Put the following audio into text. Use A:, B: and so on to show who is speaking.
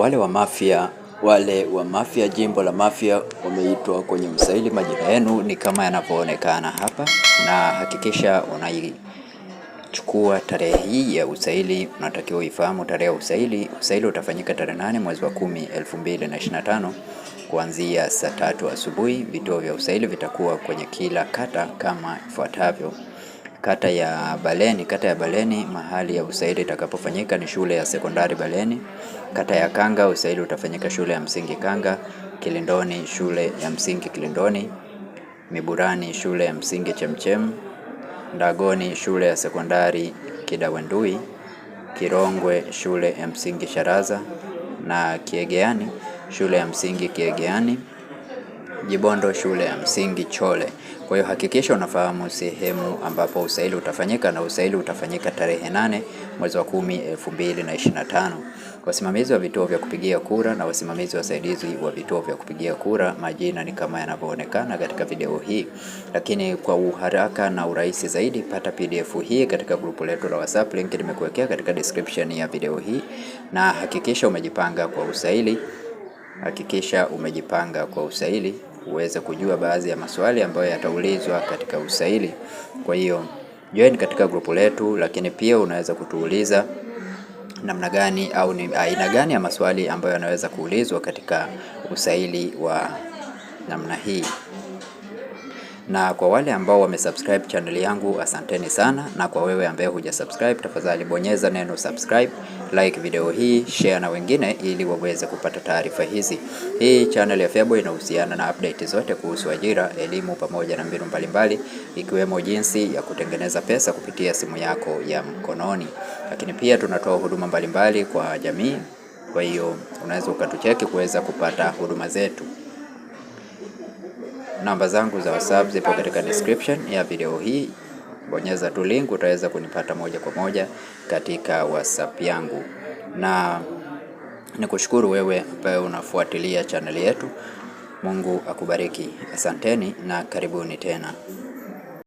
A: wale wa Mafia wale wa Mafia, jimbo la Mafia wameitwa kwenye usaili. Majina yenu ni kama yanavyoonekana hapa, na hakikisha unaichukua tarehe hii ya usaili. Unatakiwa uifahamu tarehe ya usaili. Usaili utafanyika tarehe nane mwezi wa kumi elfu mbili na ishirini na tano kuanzia saa tatu asubuhi. Vituo vya usaili vitakuwa kwenye kila kata kama ifuatavyo kata ya Baleni. Kata ya Baleni, mahali ya usaili itakapofanyika ni shule ya sekondari Baleni. Kata ya Kanga, usaili utafanyika shule ya msingi Kanga. Kilindoni, shule ya msingi Kilindoni. Miburani, shule ya msingi Chemchem. Ndagoni, shule ya sekondari Kidawendui. Kirongwe, shule ya msingi Sharaza na Kiegeani, shule ya msingi Kiegeani. Jibondo shule ya msingi Chole. Kwa hiyo hakikisha unafahamu sehemu ambapo usaili utafanyika na usaili utafanyika tarehe nane mwezi wa kumi elfu mbili na ishirini na tano. Wasimamizi wa vituo vya kupigia kura na wasimamizi wasaidizi wa vituo vya kupigia kura, majina ni kama yanavyoonekana katika video hii, lakini kwa uharaka na urahisi zaidi, pata PDF hii katika grupu letu la WhatsApp, link nimekuwekea katika description ya video hii, na hakikisha umejipanga kwa usaili. Hakikisha umejipanga kwa usaili uweze kujua baadhi ya maswali ambayo yataulizwa katika usaili. Kwa hiyo join katika grupu letu, lakini pia unaweza kutuuliza namna gani au ni aina gani ya maswali ambayo yanaweza kuulizwa katika usaili wa namna hii na kwa wale ambao wamesubscribe channel yangu asanteni sana, na kwa wewe ambaye huja subscribe tafadhali bonyeza neno subscribe, like video hii, share na wengine ili waweze kupata taarifa hizi. Hii channel ya Feaboy inahusiana na update zote kuhusu ajira, elimu pamoja na mbinu mbalimbali ikiwemo jinsi ya kutengeneza pesa kupitia simu yako ya mkononi, lakini pia tunatoa huduma mbalimbali kwa jamii. Kwa hiyo unaweza ukatucheki kuweza kupata huduma zetu. Namba zangu za WhatsApp zipo katika description ya video hii. Bonyeza tu link utaweza kunipata moja kwa moja katika WhatsApp yangu, na nikushukuru wewe ambaye unafuatilia chaneli yetu. Mungu akubariki. Asanteni na karibuni tena.